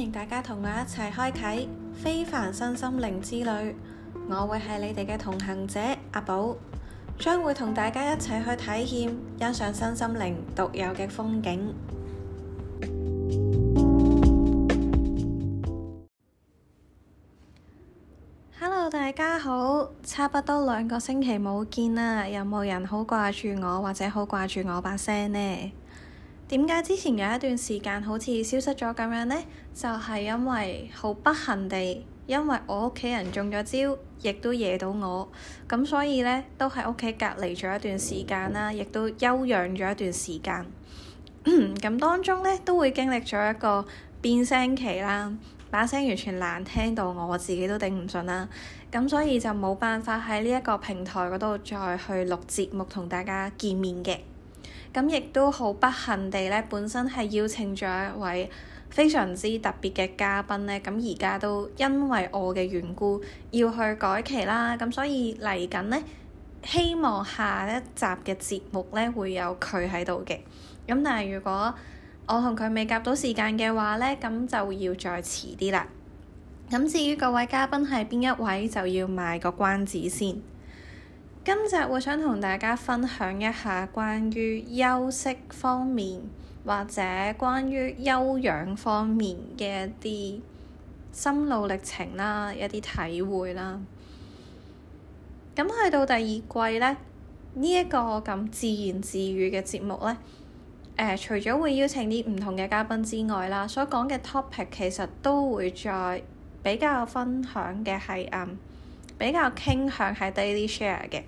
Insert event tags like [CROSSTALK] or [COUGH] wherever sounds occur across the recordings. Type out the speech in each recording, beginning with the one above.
歡迎大家同我一齊開啟非凡身心靈之旅，我會係你哋嘅同行者阿寶，將會同大家一齊去體驗欣賞身心靈獨有嘅風景。Hello，大家好，差不多兩個星期冇見啦，有冇人好掛住我或者好掛住我把聲呢？點解之前有一段時間好似消失咗咁樣呢？就係因為好不幸地，因為我屋企人中咗招，亦都惹到我，咁所以呢，都喺屋企隔離咗一段時間啦，亦都休養咗一段時間。咁 [COUGHS] 當中呢，都會經歷咗一個變聲期啦，把聲完全難聽到我自己都頂唔順啦。咁所以就冇辦法喺呢一個平台嗰度再去錄節目同大家見面嘅。咁亦都好不幸地咧，本身係邀請咗一位非常之特別嘅嘉賓咧，咁而家都因為我嘅緣故要去改期啦，咁所以嚟緊咧，希望下一集嘅節目咧會有佢喺度嘅，咁但係如果我同佢未夾到時間嘅話咧，咁就要再遲啲啦。咁至於各位嘉賓係邊一位，就要賣個關子先。今日會想同大家分享一下關於休息方面或者關於休養方面嘅一啲心路歷程啦，一啲體會啦。咁去到第二季呢，呢一個咁自言自語嘅節目呢，呃、除咗會邀請啲唔同嘅嘉賓之外啦，所講嘅 topic 其實都會再比較分享嘅係，嗯，比較傾向係 daily share 嘅。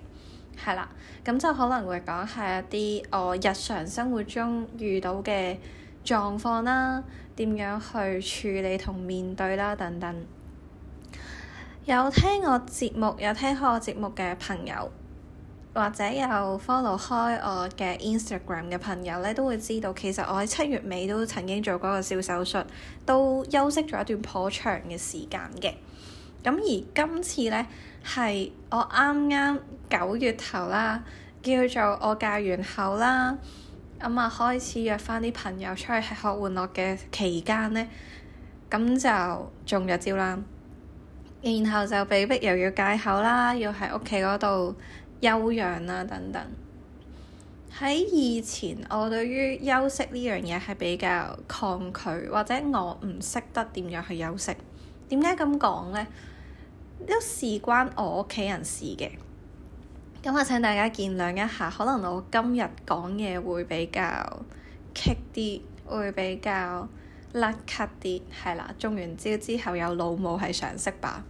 係啦，咁就可能會講係一啲我日常生活中遇到嘅狀況啦，點樣去處理同面對啦等等。有聽我節目，有聽開我節目嘅朋友，或者有 follow 開我嘅 Instagram 嘅朋友咧，都會知道其實我喺七月尾都曾經做過一個小手術，都休息咗一段頗長嘅時間嘅。咁而今次呢，係我啱啱九月頭啦，叫做我戒完口啦，咁、嗯、啊開始約翻啲朋友出去吃喝玩樂嘅期間呢，咁就中咗招啦。然後就被逼又要戒口啦，要喺屋企嗰度休養啦，等等。喺以前，我對於休息呢樣嘢係比較抗拒，或者我唔識得點樣去休息。點解咁講呢？都事關我屋企人事嘅，咁我請大家見諒一下，可能我今日講嘢會比較棘啲，會比較甩咳啲，係啦，中完招之後有老母係常識吧。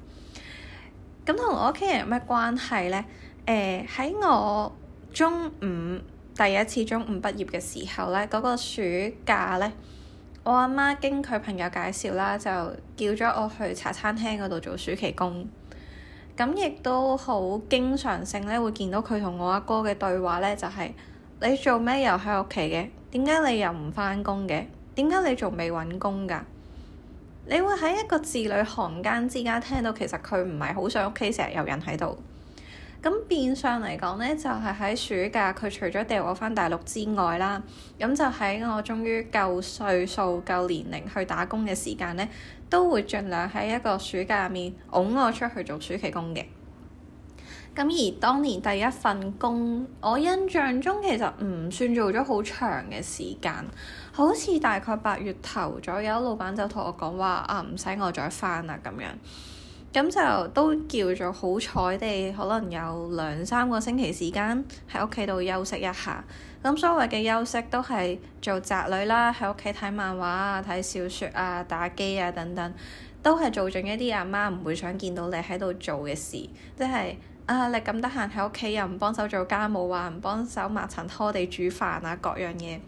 咁同我屋企人有咩關係呢？誒、呃，喺我中五第一次中五畢業嘅時候咧，嗰、嗰個暑假咧，我阿媽經佢朋友介紹啦，就叫咗我去茶餐廳嗰度做暑期工。咁亦都好經常性咧，會見到佢同我阿哥嘅對話咧，就係，你做咩又喺屋企嘅？點解你又唔返工嘅？點解你仲未揾工㗎？你會喺一個字裏行間之間聽到，其實佢唔係好想屋企，成日有人喺度。咁變相嚟講呢，就係喺暑假佢除咗掉我返大陸之外啦，咁就喺我終於夠歲數，夠年齡去打工嘅時間呢，都會盡量喺一個暑假入面，㧬我出去做暑期工嘅。咁而當年第一份工，我印象中其實唔算做咗好長嘅時間，好似大概八月頭左右，老闆就同我講話啊，唔使我再翻啦咁樣。咁就都叫做好彩地，可能有兩三個星期時間喺屋企度休息一下。咁所謂嘅休息都係做宅女啦，喺屋企睇漫畫啊、睇小説啊、打機啊等等，都係做盡一啲阿媽唔會想見到你喺度做嘅事，即係啊，你咁得閒喺屋企又唔幫手做家務啊，唔幫手抹塵拖地、煮飯啊各樣嘢。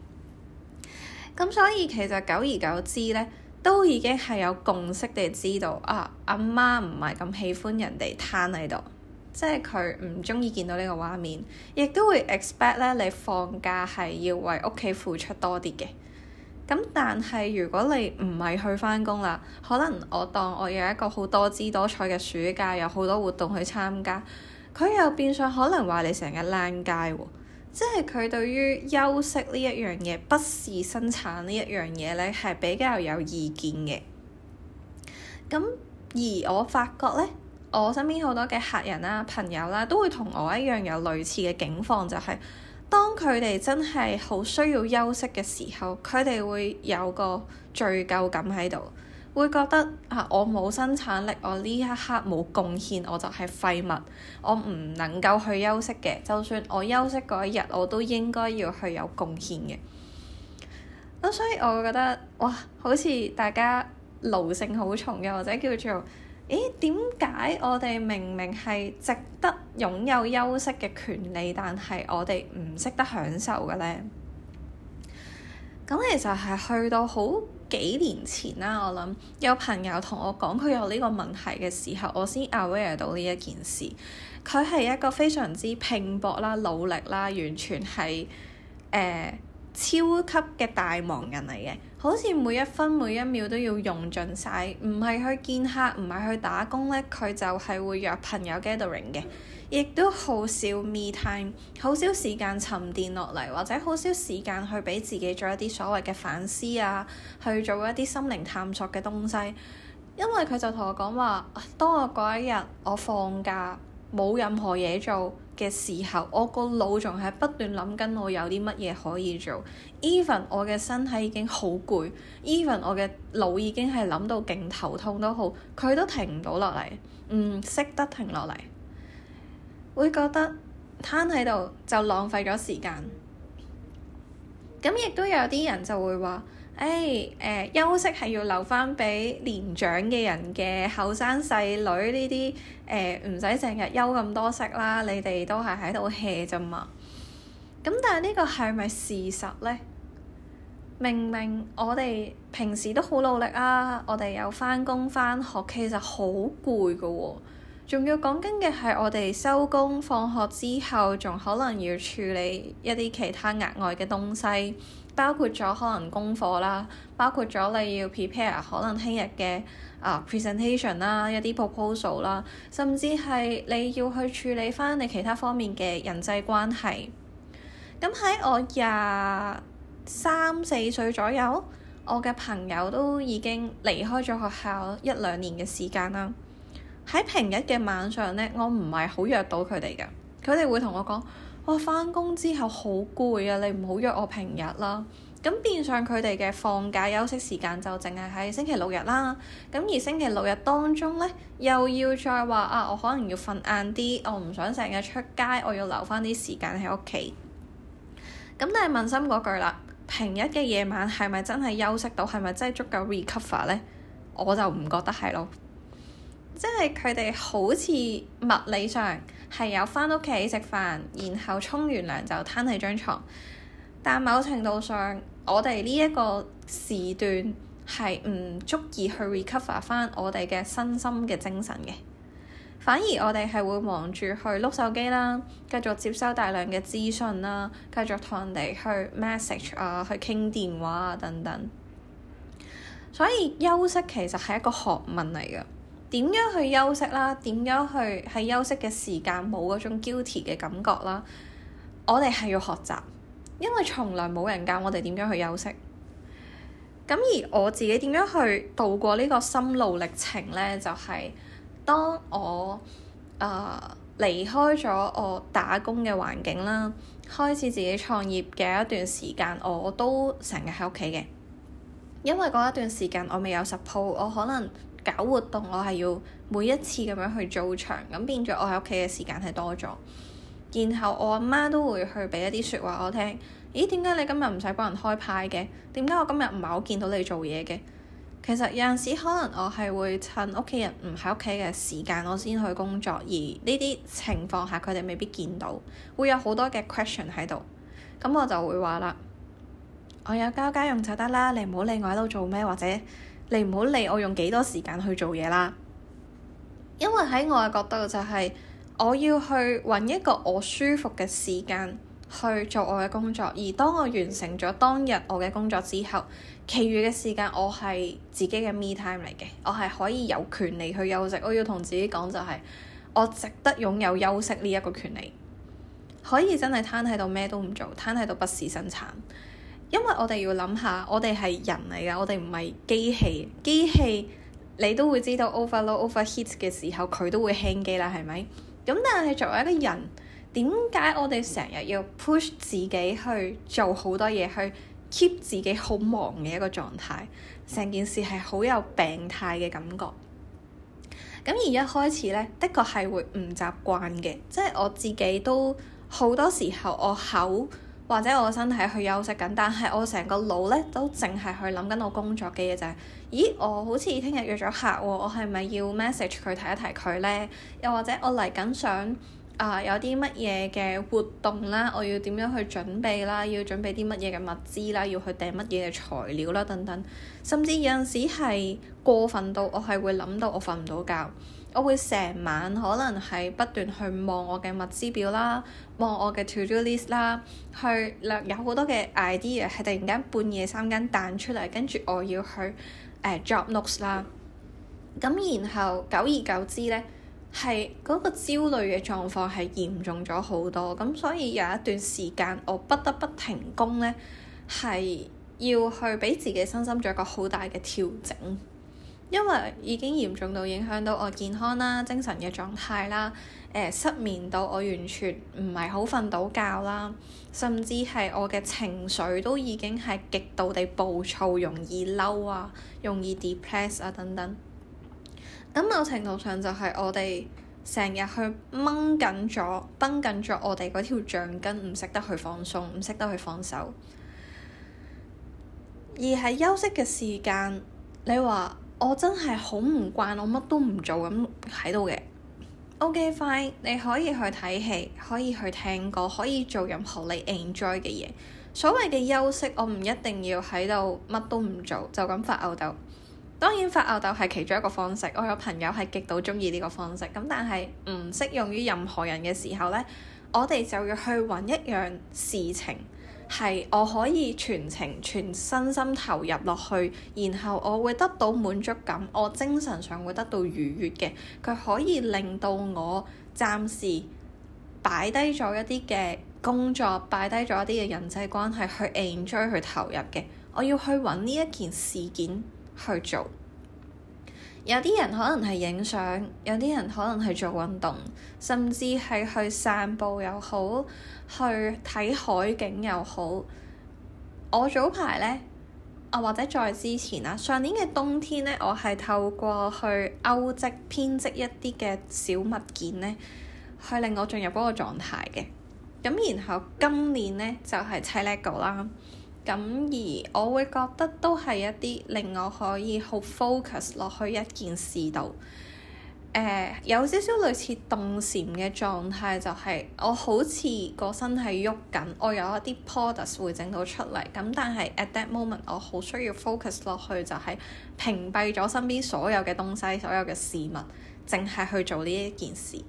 咁所以其實久而久之咧～都已經係有共識地知道啊，阿媽唔係咁喜歡人哋攤喺度，即係佢唔中意見到呢個畫面，亦都會 expect 咧你放假係要為屋企付出多啲嘅。咁但係如果你唔係去返工啦，可能我當我有一個好多姿多彩嘅暑假，有好多活動去參加，佢又變相可能話你成日躝街喎。即係佢對於休息呢一樣嘢，不是生產呢一樣嘢咧，係比較有意見嘅。咁而我發覺咧，我身邊好多嘅客人啦、啊、朋友啦、啊，都會同我一樣有類似嘅境況，就係、是、當佢哋真係好需要休息嘅時候，佢哋會有個罪疚感喺度。會覺得啊，我冇生產力，我呢一刻冇貢獻，我就係廢物，我唔能夠去休息嘅。就算我休息嗰一日，我都應該要去有貢獻嘅。咁所以我覺得，哇，好似大家奴性好重嘅，或者叫做，咦，點解我哋明明係值得擁有休息嘅權利，但係我哋唔識得享受嘅咧？咁其實係去到好。幾年前啦，我諗有朋友同我講佢有呢個問題嘅時候，我先 aware 到呢一件事。佢係一個非常之拼搏啦、努力啦，完全係誒。超級嘅大忙人嚟嘅，好似每一分每一秒都要用盡晒。唔係去見客，唔係去打工咧，佢就係會約朋友 gathering 嘅，亦都好少 me time，好少時間沉澱落嚟，或者好少時間去俾自己做一啲所謂嘅反思啊，去做一啲心靈探索嘅東西，因為佢就同我講話，當我嗰一日我放假冇任何嘢做嘅時候，我個腦仲係不斷諗緊我有啲乜嘢可以做，even 我嘅身體已經好攰，even 我嘅腦已經係諗到勁頭痛都好，佢都停唔到落嚟，唔、嗯、識得停落嚟，會覺得攤喺度就浪費咗時間。咁亦都有啲人就會話。誒誒、hey，呃，休息係要留翻俾年長嘅人嘅，後生細女呢啲誒唔使成日休咁多息啦。你哋都係喺度 hea 啫嘛。咁但係呢個係咪事實呢？明明我哋平時都好努力啊，我哋有翻工翻學，其實好攰噶喎。仲要講緊嘅係我哋收工放學之後，仲可能要處理一啲其他額外嘅東西。包括咗可能功課啦，包括咗你要 prepare 可能聽日嘅啊 presentation 啦，一啲 proposal 啦，甚至係你要去處理返你其他方面嘅人際關係。咁喺我廿三四歲左右，我嘅朋友都已經離開咗學校一兩年嘅時間啦。喺平日嘅晚上呢，我唔係好約到佢哋嘅，佢哋會同我講。我翻工之後好攰啊！你唔好約我平日啦。咁變相佢哋嘅放假休息時間就淨係喺星期六日啦。咁而星期六日當中呢，又要再話啊，我可能要瞓晏啲，我唔想成日出街，我要留翻啲時間喺屋企。咁但係問心嗰句啦，平日嘅夜晚係咪真係休息到？係咪真係足夠 recover 呢，我就唔覺得係咯。即係佢哋好似物理上，係有返屋企食飯，然後沖完涼就攤喺張床。但某程度上，我哋呢一個時段係唔足以去 recover 返我哋嘅身心嘅精神嘅。反而我哋係會忙住去碌手機啦，繼續接收大量嘅資訊啦，繼續同人哋去 message 啊，去傾電話啊等等。所以休息其實係一個學問嚟嘅。點樣去休息啦？點樣去喺休息嘅時間冇嗰種 guilty 嘅感覺啦？我哋係要學習，因為從來冇人教我哋點樣去休息。咁而我自己點樣去度過呢個心路歷程呢？就係、是、當我誒、呃、離開咗我打工嘅環境啦，開始自己創業嘅一段時間，我都成日喺屋企嘅，因為嗰一段時間我未有 support，我可能。搞活動，我係要每一次咁樣去做場，咁變咗我喺屋企嘅時間係多咗。然後我阿媽都會去俾一啲説話我聽。咦，點解你今日唔使幫人開派嘅？點解我今日唔係好見到你做嘢嘅？其實有陣時可能我係會趁屋企人唔喺屋企嘅時間，我先去工作。而呢啲情況下，佢哋未必見到，會有好多嘅 question 喺度。咁我就會話啦，我有交家用就得啦，你唔好理我喺度做咩或者。你唔好理我用幾多時間去做嘢啦，因為喺我嘅角度就係、是、我要去揾一個我舒服嘅時間去做我嘅工作，而當我完成咗當日我嘅工作之後，其餘嘅時間我係自己嘅 me time 嚟嘅，我係可以有權利去休息，我要同自己講就係、是、我值得擁有休息呢一個權利，可以真係攤喺度咩都唔做，攤喺度不事生產。因為我哋要諗下，我哋係人嚟噶，我哋唔係機器。機器你都會知道 overload、o v e r h i t overheat 嘅時候，佢都會輕機啦，係咪？咁但係作為一個人，點解我哋成日要 push 自己去做好多嘢，去 keep 自己好忙嘅一個狀態？成件事係好有病態嘅感覺。咁而一開始咧，的確係會唔習慣嘅，即係我自己都好多時候我口。或者我身體去休息緊，但係我成個腦咧都淨係去諗緊我工作嘅嘢就係，咦？我好似聽日約咗客喎，我係咪要 message 佢提一提佢呢？又或者我嚟緊想啊、呃、有啲乜嘢嘅活動啦，我要點樣去準備啦？要準備啲乜嘢嘅物資啦？要去訂乜嘢嘅材料啦？等等，甚至有陣時係過分到我係會諗到我瞓唔到覺。我會成晚可能係不斷去望我嘅物資表啦，望我嘅 to do list 啦，去略有好多嘅 idea 係突然間半夜三更彈出嚟，跟住我要去誒、uh, drop notes 啦。咁然後久而久之呢，係嗰個焦慮嘅狀況係嚴重咗好多。咁所以有一段時間我不得不停工呢，係要去俾自己身心做一個好大嘅調整。因為已經嚴重到影響到我健康啦、精神嘅狀態啦，誒、呃、失眠到我完全唔係好瞓到覺啦，甚至係我嘅情緒都已經係極度地暴躁、容易嬲啊、容易 depress 啊等等。咁某程度上就係我哋成日去掹緊咗、繃緊咗我哋嗰條橡筋，唔識得去放鬆，唔識得去放手。而喺休息嘅時間，你話？我真係好唔慣，我乜都唔做咁喺度嘅。O.K. fine，你可以去睇戲，可以去聽歌，可以做任何你 enjoy 嘅嘢。所謂嘅休息，我唔一定要喺度乜都唔做，就咁發吽逗。當然發吽逗係其中一個方式，我有朋友係極度中意呢個方式。咁但係唔適用於任何人嘅時候呢，我哋就要去揾一樣事情。係，我可以全情全身心投入落去，然後我會得到滿足感，我精神上會得到愉悅嘅。佢可以令到我暫時擺低咗一啲嘅工作，擺低咗一啲嘅人際關係去 enjoy 去投入嘅。我要去揾呢一件事件去做。有啲人可能係影相，有啲人可能係做運動，甚至係去散步又好，去睇海景又好。我早排呢，啊或者再之前啦，上年嘅冬天呢，我係透過去鈎織編織一啲嘅小物件呢，去令我進入嗰個狀態嘅。咁然後今年呢，就係砌 Lego 啦。咁而我會覺得都係一啲令我可以好 focus 落去一件事度。誒、呃、有少少類似動禪嘅狀態，就係我好似個身係喐緊，我有一啲 products 會整到出嚟。咁但係 at that moment，我好需要 focus 落去，就係屏蔽咗身邊所有嘅東西，所有嘅事物，淨係去做呢一件事。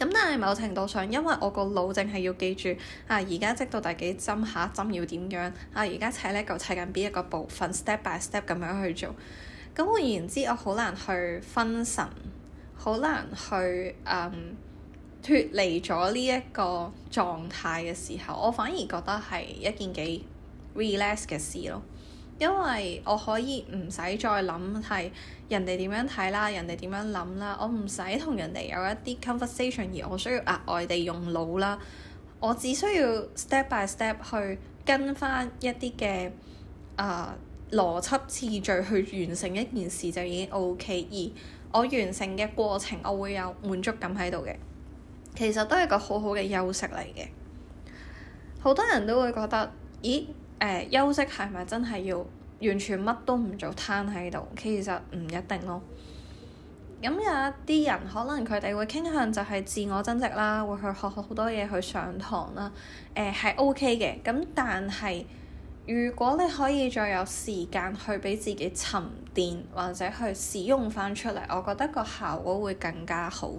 咁但係某程度上，因為我個腦淨係要記住，啊而家即到第幾針，下一、啊、針要點樣，啊而家砌呢嚿砌緊邊一個部分，step by step 咁樣去做。咁換言之，我好難去分神，好難去誒脫、嗯、離咗呢一個狀態嘅時候，我反而覺得係一件幾 relax 嘅事咯。因為我可以唔使再諗係人哋點樣睇啦，人哋點樣諗啦，我唔使同人哋有一啲 conversation，而我需要額外地用腦啦。我只需要 step by step 去跟翻一啲嘅啊邏輯次序去完成一件事就已經 OK，而我完成嘅過程我會有滿足感喺度嘅。其實都係個好好嘅休息嚟嘅。好多人都會覺得，咦？誒、呃、休息係咪真係要完全乜都唔做，攤喺度？其實唔一定咯。咁有一啲人可能佢哋會傾向就係自我增值啦，會去學好多嘢去上堂啦。誒、呃、係 OK 嘅，咁但係如果你可以再有時間去畀自己沉澱，或者去使用返出嚟，我覺得個效果會更加好。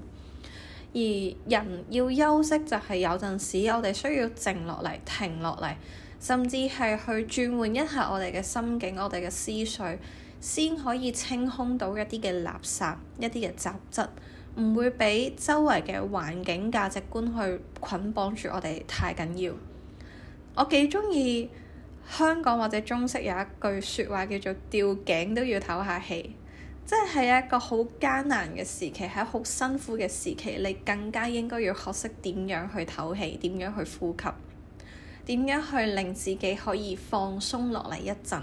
而人要休息就係有陣時，我哋需要靜落嚟，停落嚟。甚至係去轉換一下我哋嘅心境，我哋嘅思緒，先可以清空到一啲嘅垃圾、一啲嘅雜質，唔會俾周圍嘅環境價值觀去捆綁住我哋，太緊要。我幾鍾意香港或者中式有一句説話叫做吊頸都要唞下氣，即係一個好艱難嘅時期，係好辛苦嘅時期，你更加應該要學識點樣去唞氣，點樣去呼吸。點樣去令自己可以放鬆落嚟一陣，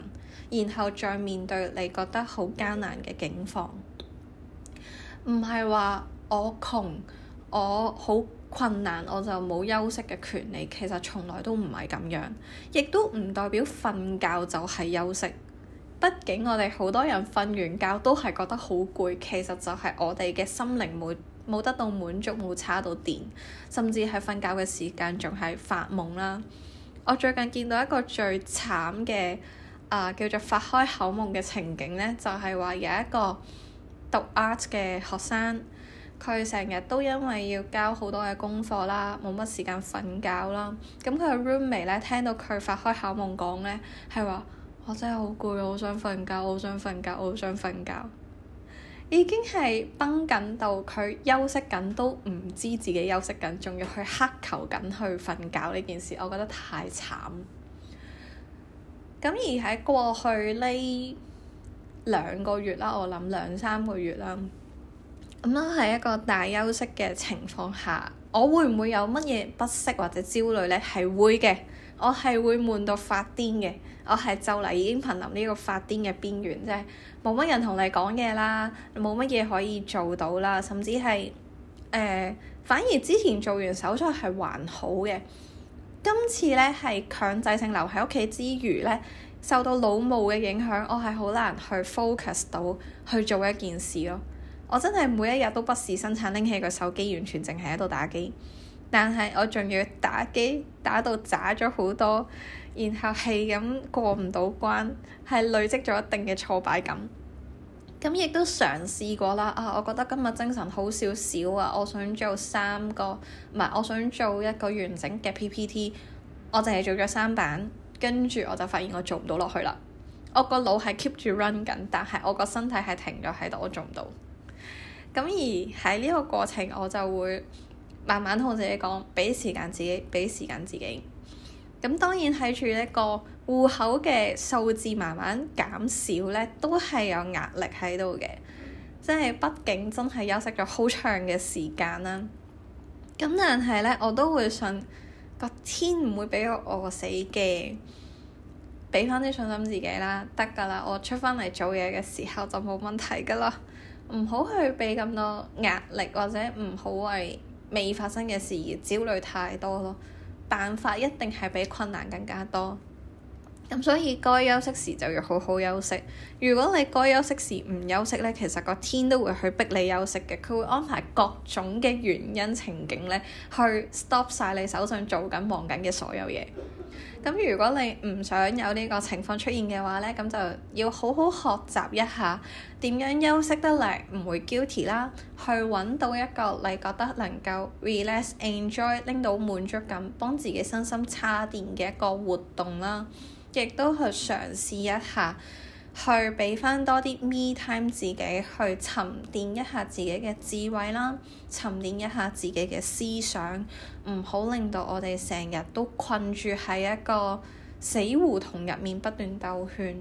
然後再面對你覺得好艱難嘅境況？唔係話我窮，我好困難，我就冇休息嘅權利。其實從來都唔係咁樣，亦都唔代表瞓覺就係休息。畢竟我哋好多人瞓完覺都係覺得好攰，其實就係我哋嘅心靈冇冇得到滿足，冇叉到電，甚至係瞓覺嘅時間仲係發夢啦～我最近見到一個最慘嘅啊、呃，叫做發開口夢嘅情景咧，就係話有一個讀 art 嘅學生，佢成日都因為要交好多嘅功課啦，冇乜時間瞓覺啦。咁佢嘅 roommate 咧聽到佢發開口夢講咧，係話我真係好攰，好想瞓覺，好想瞓覺，好想瞓覺。已經係繃緊到佢休息緊都唔知自己休息緊，仲要去乞求緊去瞓覺呢件事，我覺得太慘。咁而喺過去呢兩個月啦，我諗兩三個月啦，咁樣係一個大休息嘅情況下，我會唔會有乜嘢不適或者焦慮呢？係會嘅。我係會悶到發癲嘅，我係就嚟已經瀕臨呢個發癲嘅邊緣，即係冇乜人同你講嘢啦，冇乜嘢可以做到啦，甚至係誒、呃，反而之前做完手術係還好嘅，今次呢係強制性留喺屋企之餘呢，受到腦霧嘅影響，我係好難去 focus 到去做一件事咯，我真係每一日都不事生產，拎起個手機完全淨係喺度打機。但係我仲要打機打到渣咗好多，然後係咁過唔到關，係累積咗一定嘅挫敗感。咁亦都嘗試過啦，啊！我覺得今日精神好少少啊，我想做三個，唔係，我想做一個完整嘅 PPT，我淨係做咗三版，跟住我就發現我做唔到落去啦。我個腦係 keep 住 run 緊，但係我個身體係停咗喺度，我做唔到。咁而喺呢個過程，我就會。慢慢同自己講，俾時間自己，俾時間自己。咁當然睇住一個戶口嘅數字慢慢減少咧，都係有壓力喺度嘅。即係畢竟真係休息咗好長嘅時間啦。咁但係咧，我都會信個天唔會俾我餓死嘅，俾翻啲信心自己啦，得㗎啦。我出翻嚟做嘢嘅時候就冇問題㗎啦。唔好去俾咁多壓力，或者唔好為。未發生嘅事，焦慮太多咯。辦法一定係比困難更加多。咁所以該休息時就要好好休息。如果你該休息時唔休息呢，其實個天都會去逼你休息嘅。佢會安排各種嘅原因情景呢，去 stop 晒你手上做緊忙緊嘅所有嘢。咁如果你唔想有呢個情況出現嘅話呢，咁就要好好學習一下點樣休息得嚟唔會 guilty 啦，去揾到一個你覺得能夠 relax、enjoy、拎到滿足感，幫自己身心叉電嘅一個活動啦，亦都去嘗試一下。去俾翻多啲 me time 自己去沉澱一下自己嘅智慧啦，沉澱一下自己嘅思想，唔好令到我哋成日都困住喺一個死胡同入面不斷兜圈。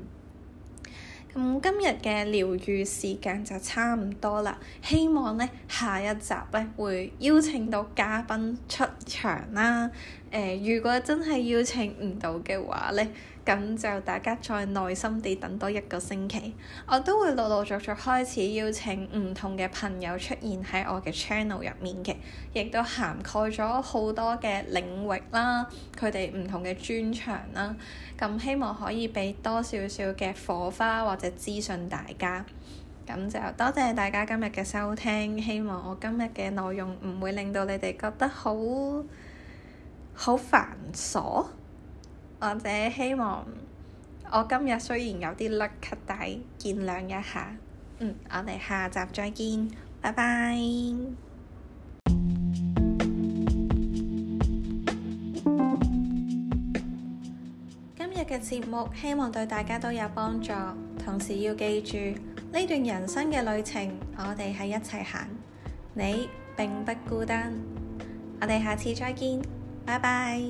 咁、嗯、今日嘅療癒時間就差唔多啦，希望呢下一集呢會邀請到嘉賓出場啦。呃、如果真係邀請唔到嘅話呢～咁就大家再耐心地等多一個星期，我都會陸陸續續開始邀請唔同嘅朋友出現喺我嘅 channel 入面嘅，亦都涵蓋咗好多嘅領域啦，佢哋唔同嘅專長啦，咁希望可以俾多少少嘅火花或者資訊大家。咁就多謝大家今日嘅收聽，希望我今日嘅內容唔會令到你哋覺得好好繁瑣。或者希望我今日雖然有啲甩咳，但見諒一下。嗯，我哋下集再見，拜拜。今日嘅節目希望對大家都有幫助，同時要記住呢段人生嘅旅程，我哋喺一齊行，你並不孤單。我哋下次再見，拜拜。